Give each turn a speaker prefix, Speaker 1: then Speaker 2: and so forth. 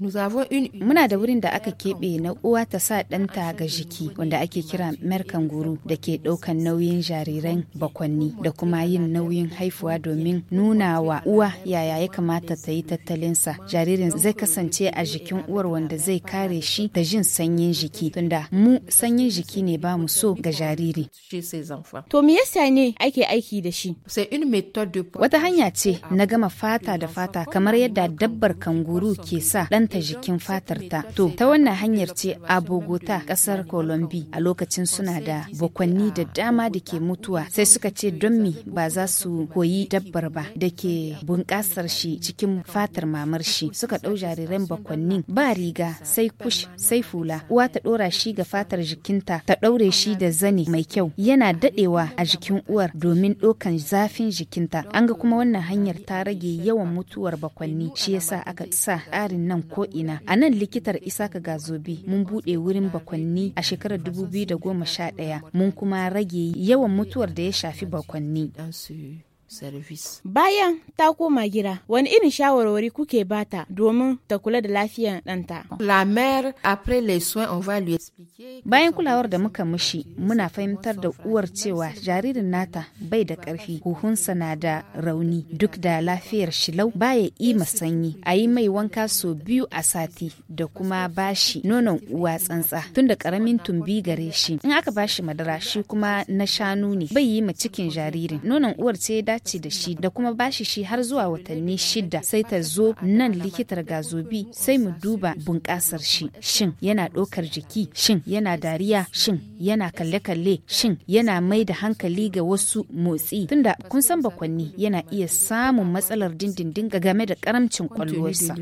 Speaker 1: Muna da wurin da aka keɓe na uwa ta sa ɗanta ga jiki wanda ake kira merkan guru da ke ɗaukan nauyin jariran bakwanni da kuma yin nauyin haifuwa domin nuna wa uwa yaya ya kamata ta yi tattalinsa. Jaririn zai kasance a jikin uwar wanda zai kare shi da jin sanyin jiki tunda mu sanyin jiki ne ba mu so ga jariri. To me yasa ne ake aiki da shi? Wata hanya ce na gama fata da fata kamar yadda dabbar kanguru ke sa ɗan kusanta jikin fatarta. To, ta wannan hanyar ce a Bogota, ƙasar kolombi a lokacin suna da bakwanni da dama da ke mutuwa sai suka ce don me ba za su koyi dabbar ba da ke bunƙasar shi cikin fatar mamar shi suka ɗau jariran bakwannin ba riga sai kush sai fula uwa ta ɗora shi ga fatar jikinta ta ɗaure shi da zani mai kyau yana daɗewa a jikin uwar domin ɗaukan zafin jikinta an ga kuma wannan hanyar ta rage yawan mutuwar bakwanni shi yasa aka sa tsarin nan ko'ina. A nan likitar Isaka Gazobi mun buɗe wurin bakwanni a shekarar 2011 mun kuma rage yawan mutuwar da ya shafi bakwanni. service. Bayan ta koma gida, wani irin shawarwari kuke bata domin ta kula da lafiyar ɗanta? La mère après les soins on va lui expliquer. Bayan kulawar da muka mishi, muna fahimtar da uwar cewa jaririn nata bai da ƙarfi, huhunsa na da rauni, duk da lafiyar shilau baya ima sanyi. A yi mai wanka sau biyu a sati da kuma bashi nonon uwa tsantsa tunda ƙaramin tumbi gare shi. In aka bashi madara shi kuma na shanu ne bai yi ma cikin jaririn. Nonon uwar ce da dace da shi da kuma bashi shi har zuwa watanni shida sai ta zo nan likitar gazobi sai mu duba bunƙasar shi shin yana ɗaukar jiki shin yana dariya shin yana kalle-kalle shin yana mai da hankali ga wasu motsi tunda kun san bakwanni yana iya samun matsalar dindindin game da karamcin ƙwallonsa.